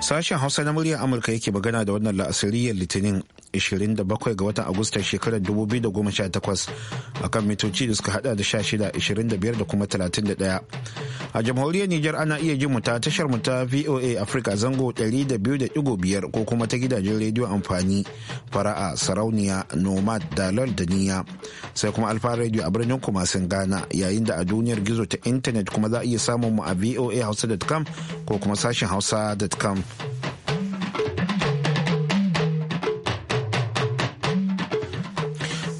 Sashen Hausa na muryar Amurka yake magana da wannan la'asiriyar Litinin 27 ga watan Agustan shekarar 2018 kan mitoci da suka hada da 16, 25 da kuma 31. A jamhuriyar Nijar ana iya jin mu ta tashar mu ta VOA Africa zango 200.5 ko kuma ta gidajen rediyo amfani fara'a sarauniya nomad dalol da niya sai kuma alfa radio a birnin kumasin Ghana yayin da a duniyar gizo ta intanet kuma za a iya samun mu a VOA hausa.com ko kuma sashen hausa.com.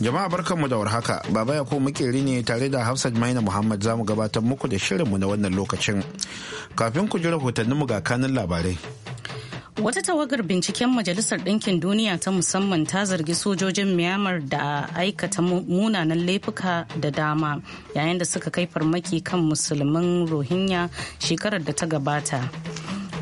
Jama'a mu da warhaka, Baba ya makeri ne tare da Hafsat Maina Muhammad zamu gabatar muku da shirin mu na wannan lokacin. Kafin ku ji rahotanninmu ga kanin labarai. Wata tawagar binciken Majalisar Ɗinkin Duniya ta musamman ta zargi sojojin Myanmar da aikata munanan laifuka da dama yayin da suka kai farmaki kan musulmin Rohingya shekarar da ta gabata.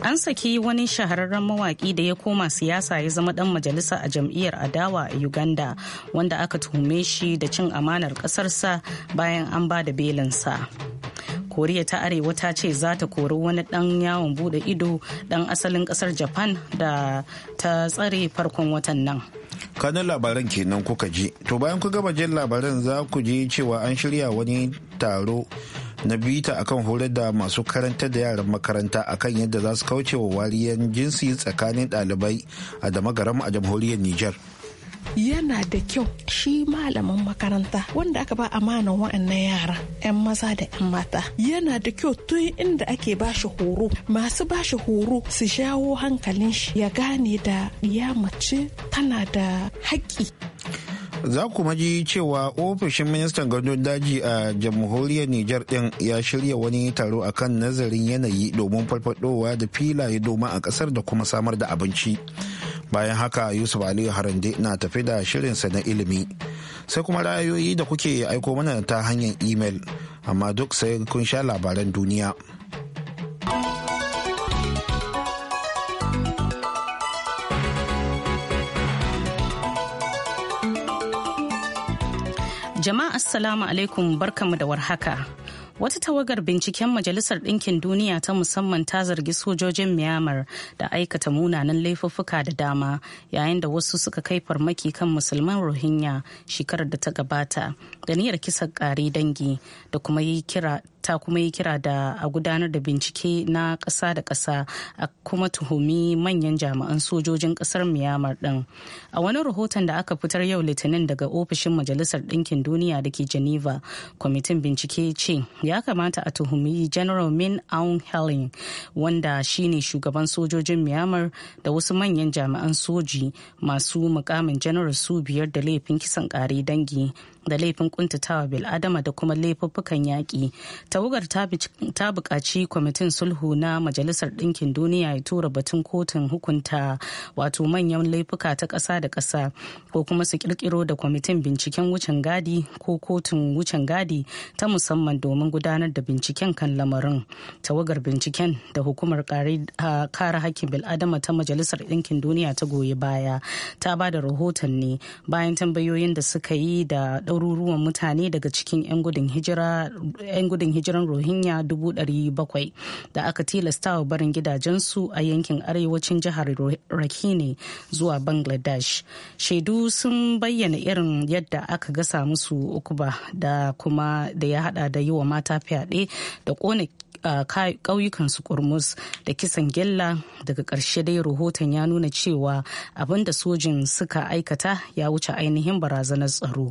an saki wani shahararren mawaƙi da ya koma siyasa ya zama dan majalisa a jam'iyyar adawa a uganda wanda aka tuhume shi da cin amanar ƙasarsa bayan an ba da belinsa koriya ta arewa ta ce za ta kori wani dan yawon bude ido dan asalin kasar japan da ta tsare farkon watan nan kanin labaran kenan kuka ji to bayan ku gama jin labaran za ku ji cewa an shirya wani taro na bita akan horar da masu karanta da yaran makaranta akan yadda za su kauce wa wariyan jinsi tsakanin ɗalibai a damagaram a jamhuriyar nijar. yana da kyau shi malamin makaranta wanda aka ba amanan wa'annan yara 'yan maza da 'yan mata yana da kyau tun inda ake ba shi horo masu ba shi horo su shawo hankalin shi ya gane da ya mace tana da haƙƙi za ku maji cewa ofishin ministan gandun daji a jamhuriyar nijar din ya shirya wani taro akan nazarin yanayi domin farfadowa da filaye doma a kasar da kuma samar da abinci. bayan haka yusuf aliyu harande na tafi da shirinsa na ilimi sai kuma ra'ayoyi da kuke aiko mana ta hanyar imel amma duk sai kun sha labaran duniya jama'a assalamu alaikum barkamu da warhaka Wata tawagar binciken Majalisar Ɗinkin Duniya ta musamman ta zargi sojojin Myanmar da aikata munanan laifuffuka da dama yayin da wasu suka kai farmaki kan musulman Rohingya shekarar da ta gabata da niyyar kisan ƙari dangi da kuma yi kira ta kuma yi kira da a gudanar da bincike na ƙasa da ƙasa a kuma tuhumi manyan jami'an sojojin ƙasar myanmar ɗin a wani rahoton da aka fitar yau litinin daga ofishin majalisar ɗinkin duniya da ke geneva kwamitin bincike ce ya kamata a tuhumi general min aung helling wanda shine shugaban sojojin myanmar da wasu manyan jami'an soji masu mukamin general su biyar da laifin kisan kare dangi da laifin kuntatawa bil'adama da kuma laifuffukan yaƙi tawagar ta buƙaci kwamitin sulhu na majalisar ɗinkin duniya ya tura batun kotun hukunta wato manyan laifuka ta ƙasa da ƙasa ko kuma su ƙirƙiro da kwamitin binciken wucin gadi ko kotun wucin gadi ta musamman domin gudanar da binciken kan lamarin tawagar binciken da hukumar kare hakkin bil'adama ta majalisar ɗinkin duniya ta goyi baya ta ba da rahoton ne bayan tambayoyin da suka yi da ɗaruruwan mutane daga cikin 'yan gudun hijiran rohingya 700 da aka tilasta wa barin gidajensu a yankin arewacin jihar rakhine zuwa bangladesh shaidu sun bayyana irin yadda aka gasa musu ukuba da kuma da ya hada da yi wa mata fyaɗe da ƙone ƙauyukansu kurmus da kisan gilla daga ƙarshe dai rahoton ya nuna cewa abinda sojin suka aikata ya wuce ainihin barazanar tsaro.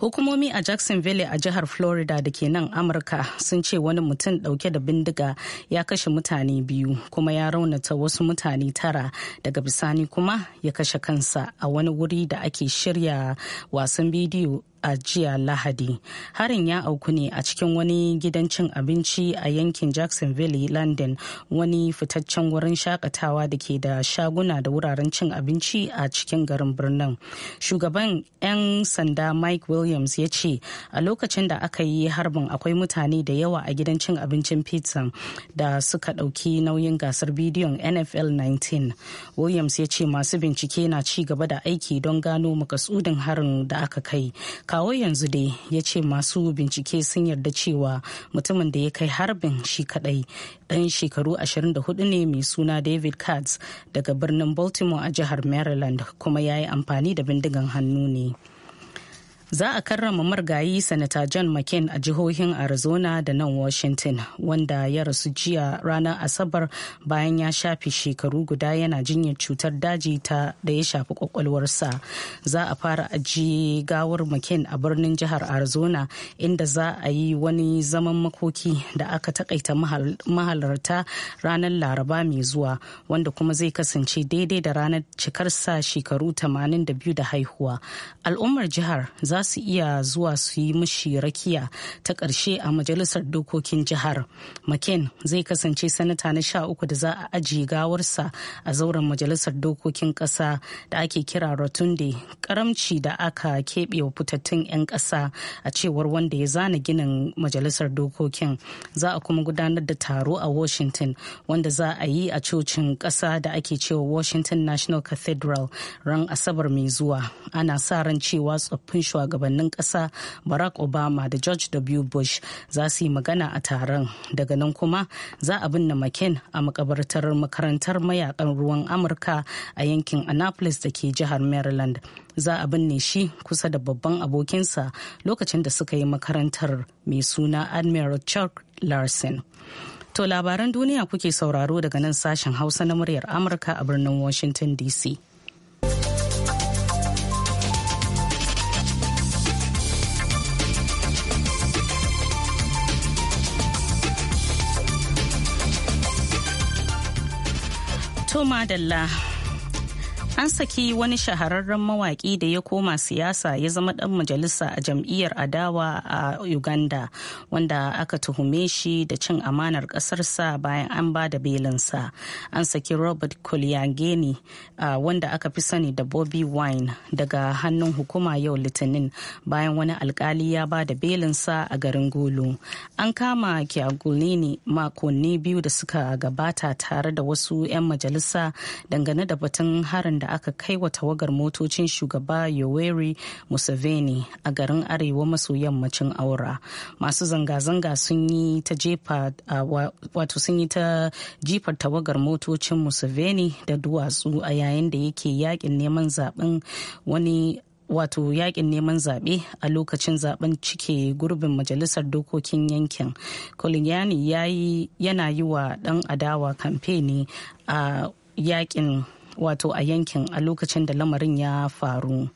Hukumomi a Jacksonville a jihar Florida da ke nan Amurka sun ce wani mutum dauke da bindiga ya kashe mutane biyu kuma ya raunata wasu mutane tara daga bisani kuma ya kashe kansa a wani wuri da ake shirya wasan bidiyo a jiya lahadi harin ya auku ne a cikin wani gidan cin abinci a yankin jacksonville london wani fitaccen wurin shakatawa da ke da shaguna da wuraren cin abinci a cikin garin birnin shugaban 'yan sanda mike williams ya ce a lokacin da aka yi harbin akwai mutane da yawa a gidan cin abincin pizza da suka dauki nauyin gasar bidiyon nfl 19 williams ya ce masu bincike na ci gaba da aiki don gano makasudin harin da aka kai kawo yanzu dai ya ce masu bincike sun yarda cewa mutumin da ya kai harbin shi kadai dan shekaru 24 ne mai suna david katz daga birnin baltimore a jihar maryland kuma ya yi amfani da bindigan hannu ne. za a karrama margayi sanata john mccain a jihohin arizona da nan washington wanda ya rasu jiya ranar asabar bayan ya shafe shekaru guda yana jinyar cutar daji ta da ya shafi kwakwalwarsa za a fara ajiye gawar mccain a birnin jihar arizona inda za a yi wani zaman makoki da aka takaita mahalarta ranar laraba mai zuwa wanda kuma zai kasance daidai da ranar cikarsa shekaru 82 da haihuwa al'ummar jihar za za su iya zuwa su yi mishi rakiya ta ƙarshe a majalisar dokokin jihar mccain zai kasance sanata na sha uku da za a ajiye gawarsa a zauren majalisar dokokin ƙasa da ake kira rotunde karamci da aka keɓe wa fitattun 'yan ƙasa a cewar wanda ya zana ginin majalisar dokokin za a kuma gudanar da taro a washington wanda za a yi a cocin ƙasa da ake cewa washington national cathedral ran asabar mai zuwa ana sa ran cewa tsoffin shugaban shugabannin ƙasa barack obama da george w bush za su yi magana a taron daga nan kuma za a binne mccain a makabartar makarantar mayakan ruwan amurka a yankin annapolis da ke jihar maryland za a binne shi kusa da babban abokinsa lokacin da suka yi makarantar mai suna admiral chuck larson to labaran duniya kuke sauraro daga nan sashen hausa na muryar amurka a birnin washington dc my Madalla An saki wani shahararren mawaƙi da ya koma siyasa ya zama ɗan majalisa a jam'iyyar adawa a Uganda wanda aka tuhume shi da cin amanar ƙasarsa bayan an ba da belinsa. An saki Robert Kulyangeni wanda aka fi sani da Bobby Wine daga hannun hukuma yau Litinin bayan wani alkali ya ba da belinsa a garin Gulu. An kama Kyagulini makonni biyu da suka gabata tare da wasu 'yan majalisa dangane da batun harin da aka kai wa tawagar motocin shugaba yoweri museveni a garin arewa maso yammacin aura masu zanga-zanga sun yi ta jefa wato sun yi ta jifar tawagar motocin museveni da duwatsu a yayin da yake yakin neman zaben wani wato yakin neman zaɓe a lokacin zaɓen cike gurbin majalisar dokokin yankin koliyani yana yi wa ɗan adawa kamfe ne a yakin wato a yankin a lokacin da lamarin ya faru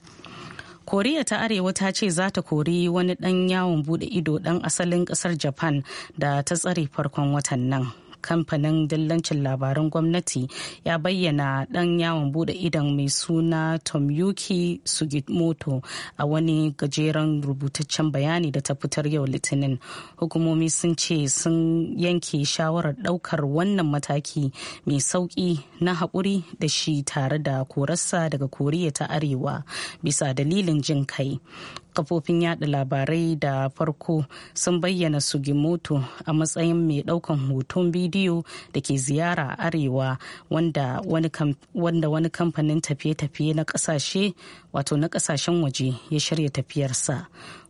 koriya ta arewa ta ce za ta kori wani ɗan yawon bude ido dan asalin ƙasar japan da ta tsare farkon watan nan kamfanin dillancin labaran gwamnati ya bayyana dan yawon bude idon mai suna tom tomyuki sugimoto a wani gajeren rubutaccen bayani da ta fitar yau litinin hukumomi sun ce sun yanke shawarar daukar wannan mataki mai sauki na haƙuri da shi tare da korarsa daga koriya ta arewa bisa dalilin jin kai kafofin yada labarai da farko sun bayyana sugimoto a matsayin mai daukan hoton bidiyo da ke ziyara arewa wanda wani kamfanin tafiye-tafiye na kasashe wato na kasashen waje ya shirya tafiyarsa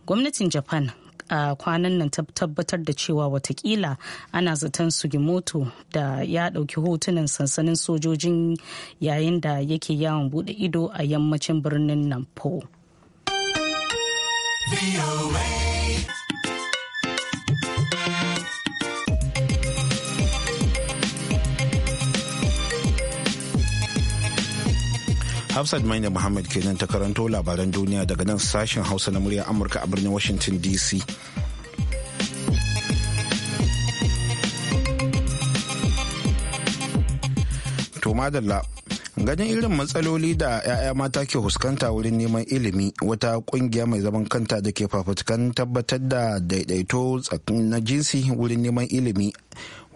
gwamnatin japan a kwanan nan ta tabbatar da cewa watakila ana zaton sugimoto da ya ɗauki hotunan sansanin sojojin yayin da yake yawon bude ido a yammacin birnin nampo. Hafsat Maina Muhammad kenan ta karanto labaran duniya daga nan sashen Hausa na muryar Amurka a birnin Washington DC. to madalla ganin irin matsaloli da 'ya'ya mata ke fuskanta wurin neman ilimi wata kungiya mai zaman kanta da ke fafutukan tabbatar da daidaito na jinsi wurin neman ilimi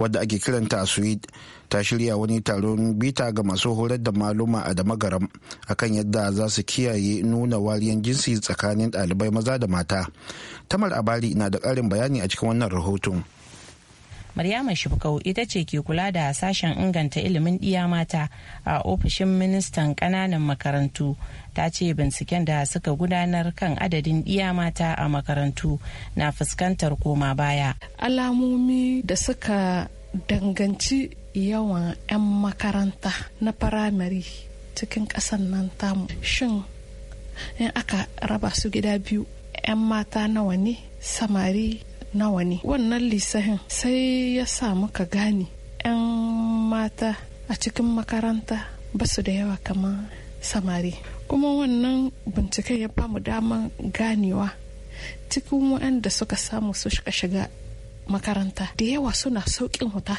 wadda ake kiranta sweet ta shirya wani taron bita ga masu horar da maluma a damagaram akan yadda za su kiyaye nuna wariyan jinsi tsakanin ɗalibai maza da mata tamar abari na da ƙarin bayani a cikin wannan rahoton Maryama Shifkau ita ce ke kula da sashen inganta ilimin ɗiya mata a ofishin ministan ƙananan makarantu. Ta ce binciken da suka gudanar kan adadin ɗiya mata a makarantu na fuskantar koma baya. Alamomi da suka danganci yawan 'yan makaranta na firamare cikin ƙasar nan tamu. Shin in aka raba su gida biyu 'yan mata nawa ne samari nawa ne wannan lissafin. sai ya sa muka gane 'yan mata a cikin makaranta ba su da yawa kamar samari kuma wannan binciken ya mu daman ganewa cikin waɗanda suka samu su shiga makaranta da yawa suna sauƙin wuta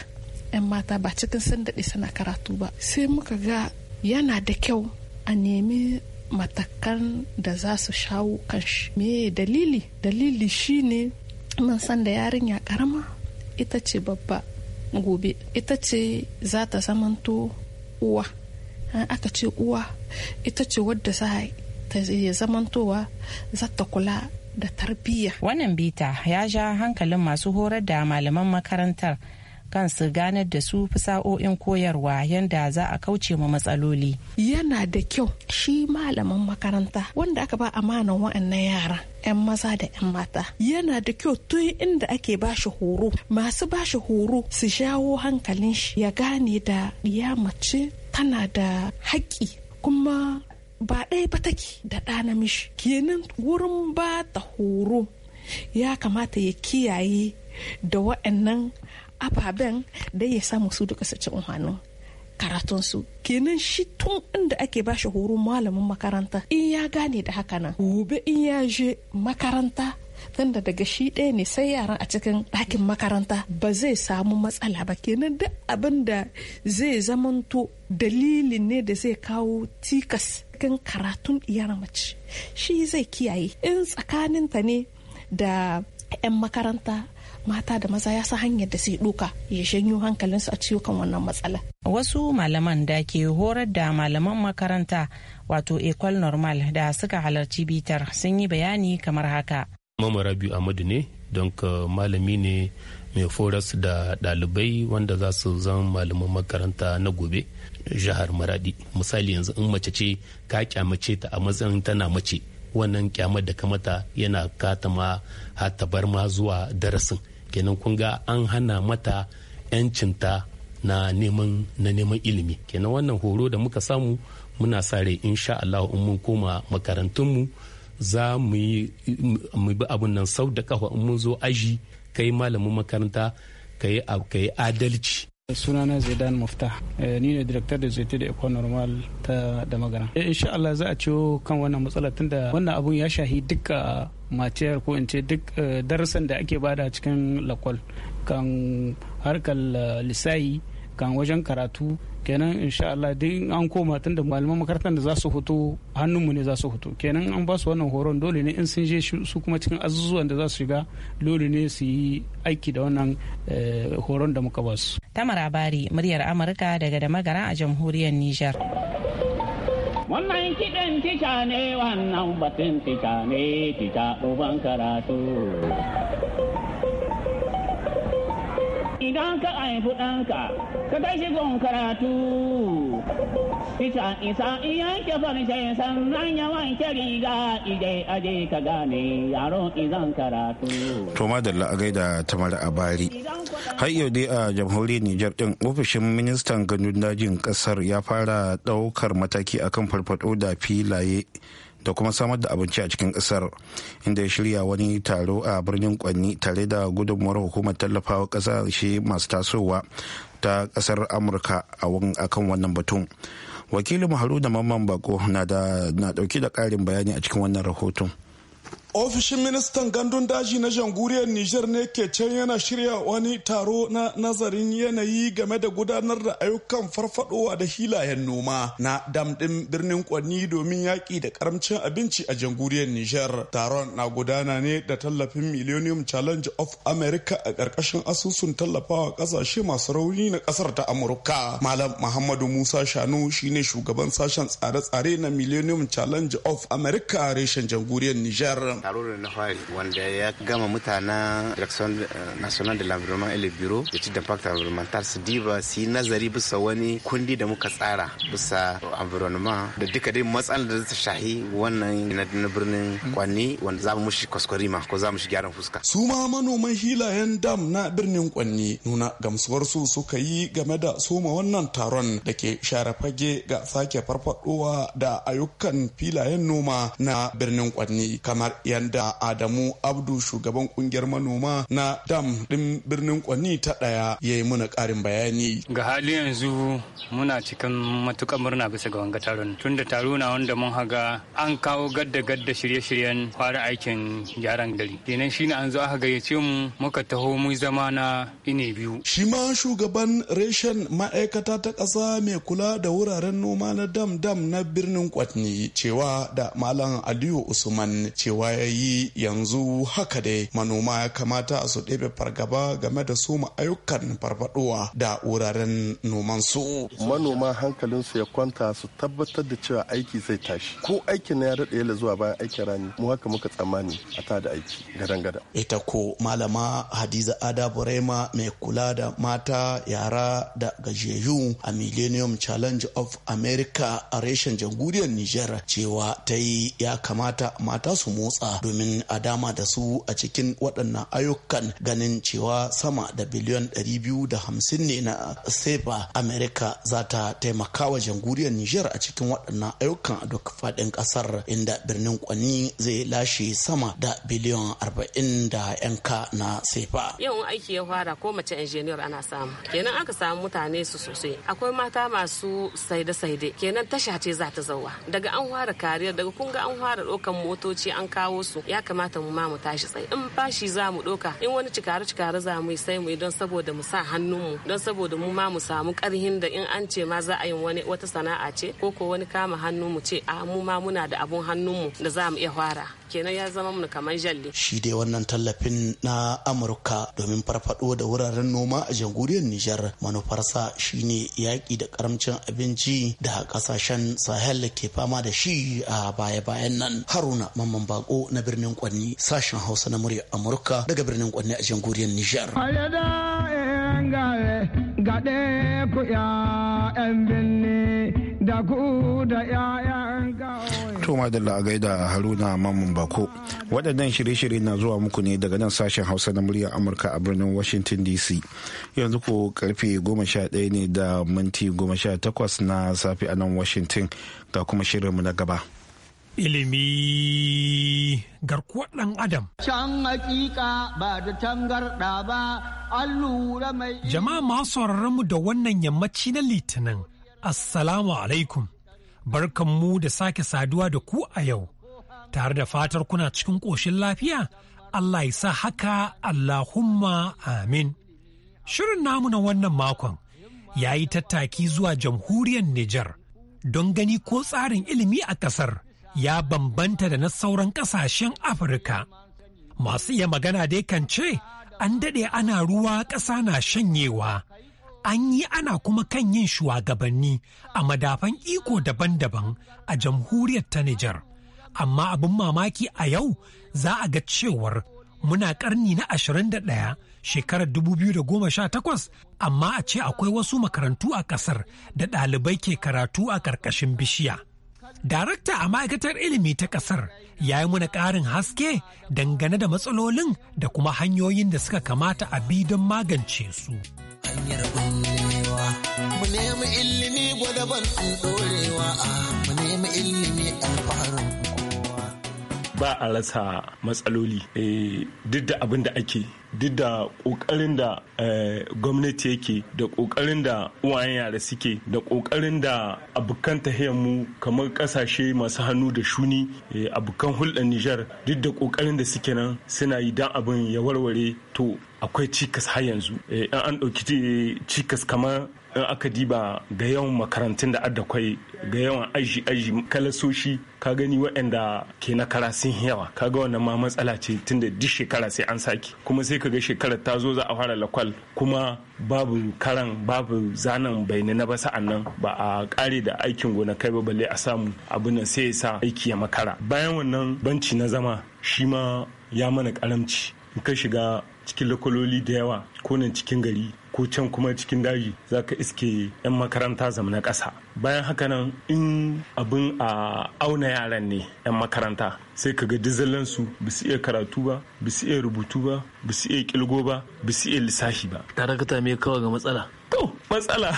'yan mata ba cikin sun daɗe suna karatu ba sai muka ga yana da kyau a nemi matakan da za su shawo kan shi me dalili dalili shine mun san da yarinya karama ita ce babba gobe ita ce za ta zamanto uwa aka ce uwa ita ce wadda za ta zamantowa za ta kula da tarbiyya wannan bita ya ja hankalin masu horar da malaman makarantar kan su ganar da su fasa'o'in koyarwa yadda za a kauce ma matsaloli. Yana da kyau shi malaman makaranta wanda aka ba amanan wa'annan yaran 'yan maza da 'yan mata yana da kyau tun inda ake bashi horo masu bashi horo su jawo hankalin shi ya gane da ya mace tana da haƙƙi kuma ba ɗaya ba take da ɗa namiji kenan wurin ba ta horo ya kamata ya kiyaye da wa'annan ababen da ya samu su duka su ci hannu karatunsu kenan shi tun inda ake bashi horo malamin makaranta in ya gane da haka nan gobe in ya je makaranta tunda daga shi ɗaya ne sai yaran a cikin ɗakin makaranta ba zai samu matsala ba kenan duk abin da zai zamanto dalilin ne da zai kawo tikas cikin karatun iyar mace shi zai kiyaye in tsakaninta ne da 'yan makaranta mata da maza ya sa hanyar da zai doka ya shanyo hankalinsu a ciwukan wannan matsala. Wasu malaman da ke horar da malaman makaranta wato Ecole Normal da suka halarci bitar sun yi bayani kamar haka. Mamara biyu Amadu ne, don malami ne mai foras da ɗalibai wanda za su zama malaman makaranta na gobe jihar maradi misali yanzu in mace ce ka kyamace ta a matsayin tana mace wannan kyamar da kamata yana katama ma ta bar ma zuwa darasin kenan kun ga an hana mata 'yancinta na neman na neman ilimi kenan wannan horo da muka samu muna sa rai insha Allah mun koma makarantunmu za mu yi bi nan sau da kafa in mun zo aji kai malamin makaranta ka yi adalci sunana zaidan mufta eh, ni ne director da zaitu da eco normal ta da magana eh, insha Allah za a ciwo kan wannan matsala tunda wannan abun ya shahi duka mace ko in ce duk eh, darasan da ake bada cikin lakwal kan harkar eh, lisayi kan wajen karatu kenan insha Allah duk an koma tun da malaman makarantar da za su hoto hannunmu ne za su hoto kenan an ba su wannan horon dole ne in sun je su kuma cikin azuzuwan da za su shiga dole ne su yi aiki da wannan eh, horon da muka ba su. Tamara Bari muryar Amurka daga da magara a jamhuriyar Nijar. Wannan kiɗin tica ne wannan batun tica ne tica ɗuban karatu. idan ka haifi ɗanka ka kai shi gun karatu isa isa iyanke san nan ya wanke riga ije aje ka gane yaro izan karatu to madalla a gaida tamar abari har yau dai a jamhuriyar nijar din ofishin ministan gandun dajin kasar ya fara daukar mataki akan farfado da filaye da kuma samar da abinci a cikin kasar inda ya shirya wani taro a birnin kwanni tare da gudunmuwar hukumar tallafawa ƙasashe masu tasowa ta kasar amurka a kan wannan batun wakilin haruna mamman bako na dauke da ƙarin bayani a cikin wannan rahoton ofishin ministan gandun daji na jamhuriyar Nijar ne ke can yana shirya wani taro na nazarin yanayi game da gudanar da ayyukan farfadowa da hilayen noma na damdin birnin kwanni domin yaƙi da karamcin abinci a jamhuriyar Nijar. taron na gudana ne da tallafin millennium challenge of america a ƙarƙashin asusun tallafawa ƙasashe masu rauni na ƙasar ta amurka malam muhammadu musa shanu shine shugaban sashen tsare-tsare na millennium challenge of america reshen jamhuriyar Nijar. taro da na fari wanda ya gama mutanen direction eh, national de l'environnement et le bureau da ci impact Environnemental su diba su yi nazari bisa wani kundi da muka tsara bisa environnement da duka dai matsalar da ta shahi wannan na birnin kwanni wanda za mu mushi ma ko za mu shi gyaran fuska su ma manoman hilayen dam na birnin kwanni nuna su suka yi game da soma wannan taron da ke share fage ga sake farfadowa da ayyukan filayen noma na birnin kwanni kamar ya yanda Adamu Abdu shugaban kungiyar manoma na dam din birnin kwanni ta daya ya yi muna karin bayani. Ga hali yanzu muna cikin matukar murna bisa ga wanga taron tunda taro na wanda mun haga an kawo gadda gadda shirye-shiryen fara aikin gyaran gari. Kenan shine an zo aka gayyace mu muka taho mu zama na ine biyu. Shi ma shugaban reshen ma'aikata ta ƙasa mai kula da wuraren noma na dam dam na birnin Kwatni cewa da Malam Aliyu Usman cewa ya yi yanzu haka dai manoma ya kamata su ɗebe fargaba game da su ayyukan farfaɗowa da wuraren noman su. Manoma hankalinsu ya kwanta su tabbatar da cewa aiki zai tashi. Ko aikin ya daɗe yala zuwa bayan aikin rani mu haka muka tsammani a ta da aiki gadan gada. Ita ko malama Hadiza Ada Burema mai kula da mata yara da gajiyayyu a Millennium Challenge of America a reshen jamhuriyar Nijar cewa ta yi ya kamata mata su motsa matsa domin a dama da su a cikin waɗannan ayyukan ganin cewa sama da biliyon 250 ne na sefa amerika za ta taimaka wa jamhuriyar niger a cikin waɗannan ayyukan a duk faɗin ƙasar inda birnin kwani zai lashe sama da biliyon 40 da 'yanka na sefa yawan aiki ya fara ko mace injiniyar ana samu kenan aka samu mutane su sosai akwai mata masu saide-saide kenan tasha ce za ta zauwa daga an fara kariyar daga kun an fara ɗaukan motoci an kawo kawo su ya kamata mu ma mu tashi tsaye in bashi za mu doka in wani cikare cikare za mu yi sai mu yi don saboda mu sa hannunmu don saboda mu ma mu samu karhin da in an ce ma za a yi wani wata sana'a ce ko ko wani kama hannu mu ce a mu ma muna da abun mu da za mu iya fara kenan ya zama mu kamar jalle shi dai wannan tallafin na amurka domin farfado da wuraren noma a jamhuriyar nijar manufarsa shine yaƙi da karamcin abinci da kasashen sahel ke fama da shi a baya-bayan nan haruna mamman bako na birnin Kwanni sashen Hausa na murya Amurka daga birnin Kwanni a jamhuriyar Nijar. Tuma da la'agai da Haruna Mamun Bako. Waɗannan shirye-shirye na zuwa muku ne daga nan sashen Hausa na muryar Amurka a birnin Washington DC. Yanzu ko karfe 11 ne da minti 18 na safe a nan Washington ga kuma shirinmu na gaba. ilimi garkuwar ɗan adam. Can hakika ba da tangarɗa ba, an lura mai. Jama'a masu mu da wannan yammaci na litinin, Assalamu alaikum, barkanmu da sake saduwa da ku a yau, tare da fatar kuna cikin ƙoshin lafiya, Allah ya sa haka Allahumma amin. Shirin namu na wannan makon ya yi tattaki zuwa jamhuriyar Nijar don gani ko tsarin ilimi a ƙasar. ya bambanta da na sauran ƙasashen Afirka. Masu iya magana dai kan ce, an daɗe ana ruwa ƙasa na shanyewa, an yi ana kuma kan yin shugabanni a madafan iko daban-daban a jamhuriyar ta Nijar. Amma abin mamaki a yau za a ga cewar muna ƙarni na da ɗaya, shekarar da goma sha takwas, amma a ce akwai wasu makarantu a ƙasar da ɗalibai ke karatu a ƙarƙashin bishiya. Darakta a ma'aikatar ilimi ta ƙasar ya yi muna ƙarin haske dangane da matsalolin da kuma hanyoyin da suka kamata a bi don magance su. Hanyar mu nemi ilimi gwadaban ɗorewa, mu nemi ilimi alfaharin ba a rasa matsaloli eh, duk da abin da ake duk da ƙoƙarin da eh, gwamnati yake da ƙoƙarin da uwayen yara suke da ƙoƙarin da abokan mu kamar ƙasashe masu hannu da shuni eh, abokan hulɗar nijar duk da ƙoƙarin da suke nan suna yi don abin ya warware to akwai cikas har yanzu in an ɗauki cikas kamar in aka diba ga yawan makarantun da kwai ga yawan aji aji kalasoshi ka gani waɗanda ke na kara sun yawa ga wannan ma matsala ce tun da duk shekara sai an sake kuma sai ka ga shekarar ta zo za a fara lakwal kuma babu karan babu zanen bai na ba nan ba a kare da aikin gona kai ba balle a samu abu nan sai ya sa aiki ya makara bayan wannan banci na zama shi ma ya mana karamci in ka shiga cikin lokaloli da yawa ko nan cikin gari ko can kuma cikin daji za ka iske 'yan makaranta na ƙasa bayan haka nan in abin a auna yaran ne 'yan makaranta sai ka ga dizalansu ba su iya karatu ba ba su iya rubutu ba ba su iya kilgo ba ba su iya lissafi ba tare ka me kawai ga matsala to matsala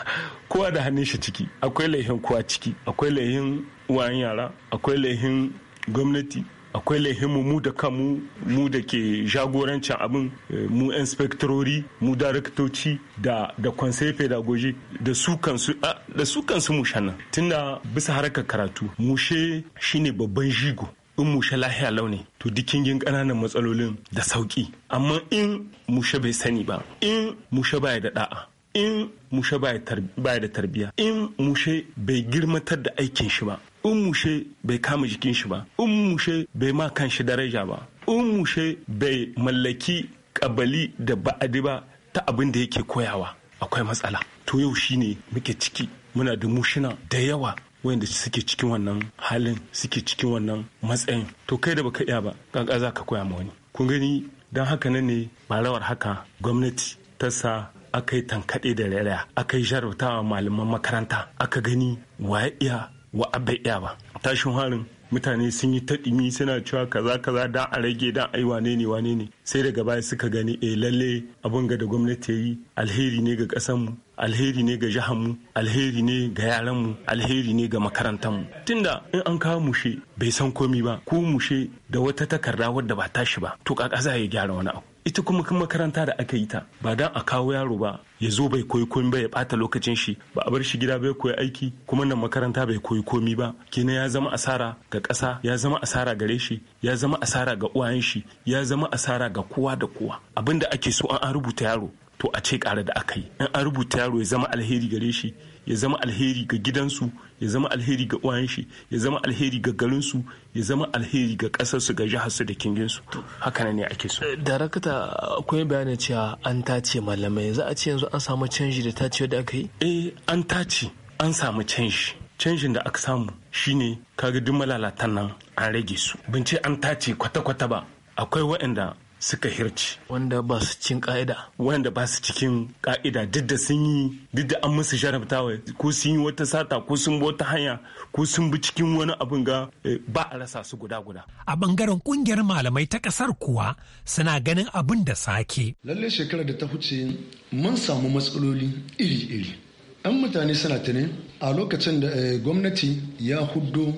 kowa da hannun shi ciki akwai laihin kowa ciki akwai laihin uwayen yara akwai laihin gwamnati akwai lehimu mu da kanmu mu da ke jagorancin abin eh, mu inspektorori mu daraktoci da da kwansai pedagogic da su kansu da su kansu tunda bisa harkar karatu mushe shine babban jigo in mushe lahiya launi to yin ƙananan matsalolin da sauki. amma in mushe bai sani ba in mushe baya da da'a in mushe baya da tarbiya in mushe bai girmatar da aikin shi ba in mushe bai kama jikin shi ba in mushe bai ma kan shi daraja ba in mushe bai mallaki kabali da ba'adi ba ta abin da yake koyawa akwai matsala to yau shine muke ciki muna da mushina da yawa wanda suke cikin wannan halin suke cikin wannan matsayin to kai da baka iya ba kanka za ka koya ma wani kun gani don haka nan ne ba haka gwamnati ta sa aka yi tankaɗe da rairaya aka yi jarabtawa malaman makaranta aka gani wa'ya. iya wa ya ba tashin harin mutane sun yi taɗimi suna cewa kaza kaza da a rage da ai wane ne wane ne sai daga baya suka gani eh lalle abun ga da gwamnati yi alheri ne ga ƙasar mu alheri ne ga jihar mu alheri ne ga yaran mu alheri ne ga makarantar mu tunda in an kawo mushe bai san komi ba ko mushe da wata takarda wadda ba tashi ba to kaka za ya gyara wani abu ita kuma makaranta da aka yi ta ba dan a kawo yaro ba ya zo bai koyi komi ba ya bata lokacin shi ba a bar shi gida bai koyi aiki kuma nan makaranta bai koyi komi ba kenan ya zama asara ga ƙasa ya zama asara gare shi ya zama asara ga uwayen shi ya zama asara ga kowa da kowa abin da ake so an rubuta yaro to a ce kara da aka yi in an rubuta yaro ya zama alheri gare shi ya zama alheri ga gidansu ya zama alheri ga uwayen shi ya zama alheri ga garin su ya zama alheri ga kasar ga jihar su da kinginsu su ne ake so eh, darakta akwai bayani cewa an tace malamai za a ce yanzu an samu canji da tacewa da aka yi eh an tace an samu canji canjin da aka samu shine kaga duk malalatan nan an rage su ban ce an tace kwata-kwata ba akwai waɗanda suka hirci wanda ba su cin ka'ida wanda ba su cikin ka'ida duk da sun yi duk da an musu sharaftawa ko sun yi wata sata ko sun wata hanya ko sun bi cikin wani abin ga eh, ba a rasa su guda guda a bangaren kungiyar malamai ta kasar kuwa suna ganin abin da sake lalle shekarar da ta huce mun samu matsaloli iri iri an mutane suna ta a lokacin da eh, gwamnati ya huddo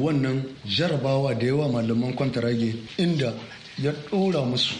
wannan jarabawa da yawa malaman kwantarage inda ya ɗora musu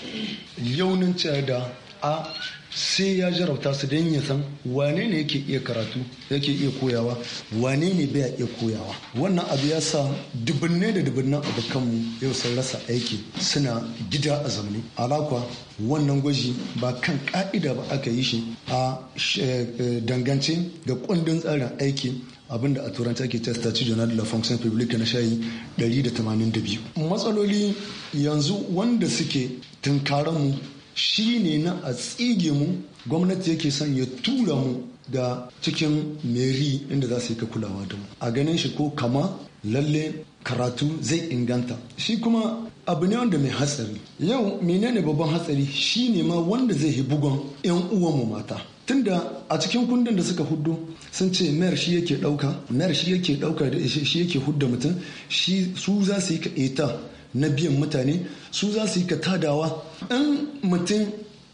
yaunin da a sai ya jarauta su don ya san wane ne yake iya karatu yake iya koyawa wane ne bai iya koyawa wannan abu ya sa dubunne da dubunnan kanmu yau sun rasa aiki suna gida a zamani alakwa wannan gwaji ba kan ka'ida ba aka yi shi a eh, eh, dangance ga kundin tsarin aiki Abin da a turanci ake cewa ci journal de la fonction publique na shayi 182 matsaloli yanzu wanda suke tunkaran mu shine na a tsige mu gwamnati yake son ya tura mu da cikin meri inda za su yi ka kulawa da mu a ganin shi ko kama lalle karatu zai inganta shi kuma abu ne wanda mai hatsari yau menene babban hatsari shine ma wanda zai yi bugon 'yan uwanmu mata tunda a cikin kundin da suka hudu sun ce mayar shi yake dauka mayar shi yake dauka shi yake hudda mutum shi su za su yi ka eta na biyan mutane su za su yi ka tadawa in mutum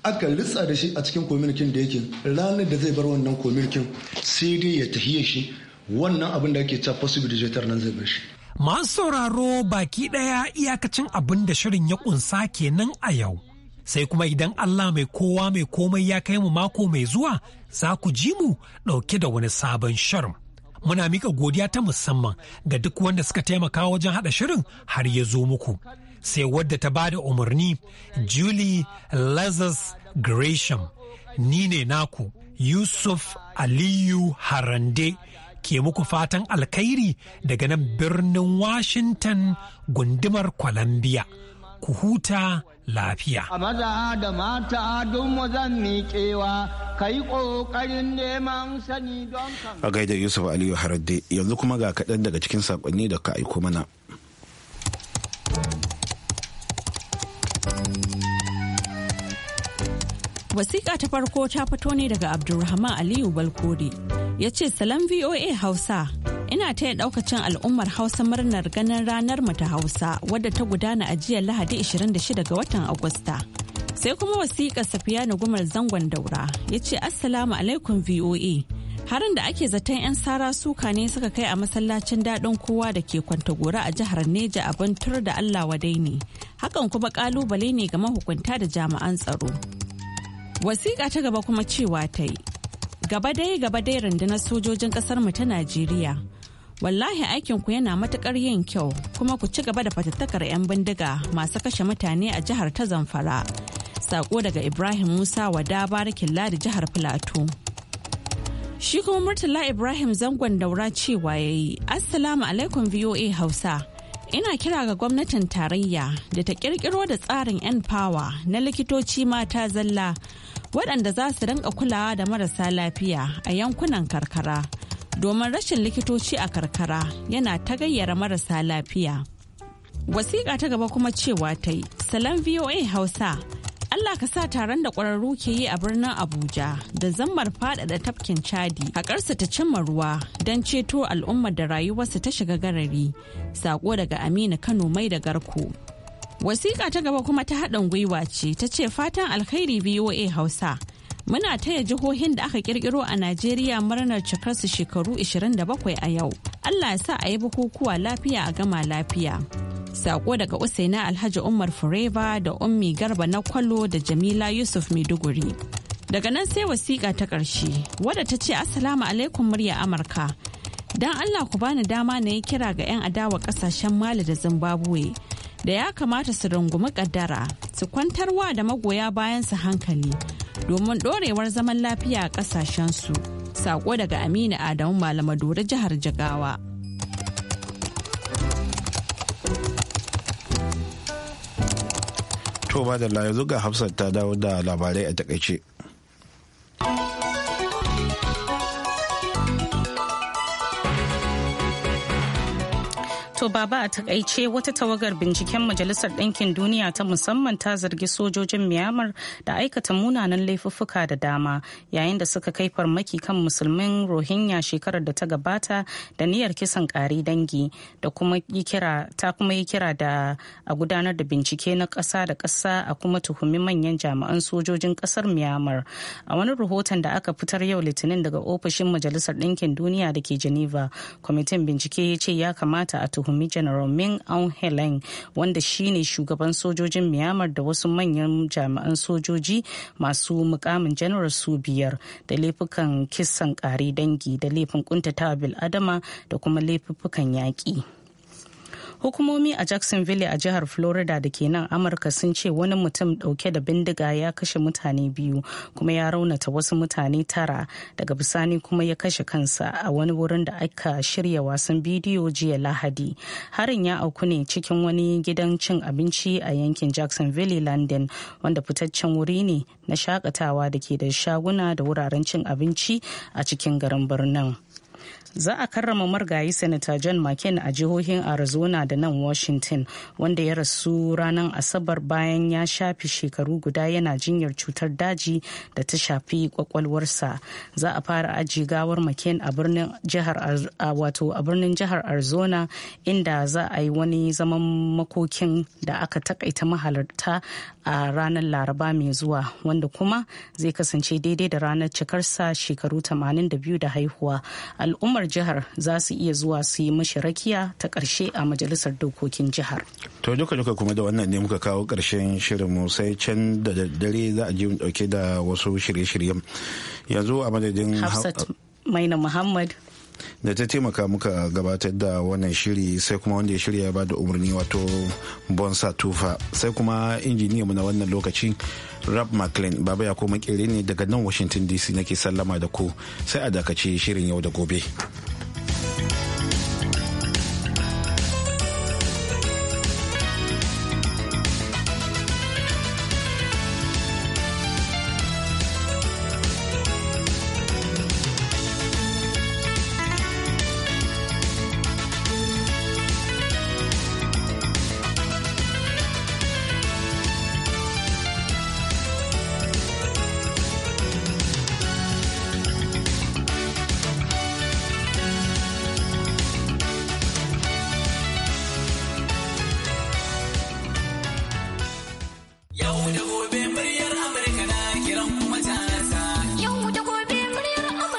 aka litsa da shi a cikin kominikin da yake ranar da zai bar wannan kominikin sai dai ya tahiye shi wannan abin da ake ta jetar nan zai bar shi masu sauraro baki daya iyakacin abin da shirin ya kunsa kenan a yau sai kuma idan Allah mai kowa mai komai ya kai mu mako mai zuwa za ku ji mu ɗauke da wani sabon shirin. Muna mika godiya ta musamman ga duk wanda suka taimaka wajen haɗa shirin har ya zo muku. Sai wadda ta bada umarni Julie Lazarus Gresham. Ni ne naku Yusuf Aliyu Harande ke muku fatan alkhairi daga nan birnin Washington gundumar Columbia. Ku huta lafiya. A maza da mata don zan miƙewa ka yi ƙoƙarin neman sani don kan. A gaida Yusuf Aliyu Haradde yanzu kuma ga kaɗan daga cikin saƙonni da ka aiko mana. Wasiƙa ta farko ta fito ne daga Abdulrahman Aliyu Balkode ya ce salam VOA Hausa. ina taya daukacin al'ummar hausa murnar ganin ranar mu ta hausa wadda ta gudana a jiya lahadi 26 ga watan agusta sai kuma wasiƙar na gumar zangon daura ya ce assalamu alaikum voa harin da ake zaton 'yan sara suka ne suka kai a masallacin daɗin kowa da ke kwanta gora a jihar neja a bantur da allah wadai ne hakan kuma kalubale ne ga mahukunta da jami'an tsaro wasiƙa ta gaba kuma cewa ta yi gaba dai gaba dai rundunar sojojin ƙasar mu ta najeriya wallahi aikin ku yana matukar yin kyau kuma ku ci gaba da fatattakar 'yan bindiga masu kashe mutane a jihar ta zamfara sako daga ibrahim musa wada barikin ladi jihar filato shi kuma murtala ibrahim zangon daura cewa ya yi assalamu alaikum voa hausa ina kira ga gwamnatin tarayya da ta kirkiro da tsarin 'yan power na likitoci mata zalla waɗanda za su rinka kulawa da marasa lafiya a yankunan karkara. domin rashin likitoci a karkara yana ta gayyara marasa lafiya. Wasiƙa ta gaba kuma cewa ta yi, Salam VOA Hausa, Allah ka sa taron da ƙwararru ke yi a birnin Abuja da zammar faɗaɗa tafkin Chadi a ta cimma ruwa don ceto al'ummar da rayuwarsu ta shiga garari. saƙo daga Aminu Kano mai da garko. Wasiƙa ta gaba kuma ta haɗin gwiwa ce ta ce fatan alkhairi VOA Hausa. Muna taya jihohin da aka kirkiro a Najeriya murnar cikarsu shekaru 27 a yau. Allah ya sa a yi bukukuwa lafiya a gama lafiya. Sako daga Usaina Alhaji Umar Fureva da Ummi Garba na kwallo da Jamila Yusuf Maiduguri. Daga nan sai wasiƙa ta ƙarshe, wadda ta ce Assalamu alaikum murya Amurka. Don Allah ku bani dama na yi kira ga 'yan adawa ƙasashen Mali da Zimbabwe. Da ya kamata su rungumi ƙaddara, su kwantarwa da magoya bayan su hankali. domin ɗorewar zaman lafiya a ƙasashensu. Sako daga Aminu Adamu Malamadore jihar Jigawa. To da yanzu ga Hafsat ta dawo da labarai a takaice. To baba a takaice wata tawagar binciken Majalisar Ɗinkin Duniya ta musamman ta zargi sojojin Myanmar da aikata munanan laifuffuka da dama yayin da suka kai farmaki kan musulmin Rohingya shekarar da ta gabata da niyyar kisan ƙari dangi da kuma yi kira ta kuma yi kira da a gudanar da bincike na ƙasa da kasa a kuma tuhumi manyan jami'an sojojin ƙasar Myanmar. A wani rahoton da aka fitar yau Litinin daga ofishin Majalisar Ɗinkin Duniya da ke Geneva, kwamitin bincike ya ce ya kamata a tuhumi Army General Ming Aung Hlaing wanda shine shugaban sojojin Myanmar da wasu manyan jami'an sojoji masu mukamin General su biyar da laifukan kisan kare dangi da laifin kuntatawa bil'adama da kuma laifukan yaƙi. hukumomi a jacksonville a jihar florida da ke nan amurka sun ce wani mutum dauke da bindiga ya kashe mutane biyu kuma ya raunata wasu mutane tara daga bisani kuma ya kashe kansa a wani wurin da aka shirya wasan bidiyo jiya lahadi harin ya auku ne cikin wani gidan cin abinci a yankin jacksonville london wanda fitaccen wuri ne na shakatawa da ke da shaguna da wuraren cin abinci a cikin garin birnin. za a karrama margayi sanata john mccain a jihohin arizona da nan washington wanda ya rasu ranar asabar bayan ya shafi shekaru guda yana jinyar cutar daji da ta shafi kwakwalwarsa za a fara aji gawar mccain a birnin jihar wato a birnin jihar arizona inda za a yi wani zaman makokin da aka takaita mahalarta a ranar laraba mai zuwa wanda kuma zai kasance daidai da ranar cikarsa shekaru 82 da haihuwa al'ummar jihar za su iya zuwa su yi mashi rakiya ta ƙarshe a majalisar dokokin jihar to duka duka kuma da wannan ne muka kawo ƙarshen mu sai can da daddare za a ji mu dauke da wasu shirye-shiryen yanzu a madadin hafsat maina muhammad da ta taimaka muka gabatar da wannan shiri sai kuma wanda ya shirya ya bada umarni wato bonsa tufa sai kuma injiniya mu na wannan lokaci rob mclean baba ya koma kere ne daga nan washington dc nake sallama da ku sai a dakace shirin yau da gobe.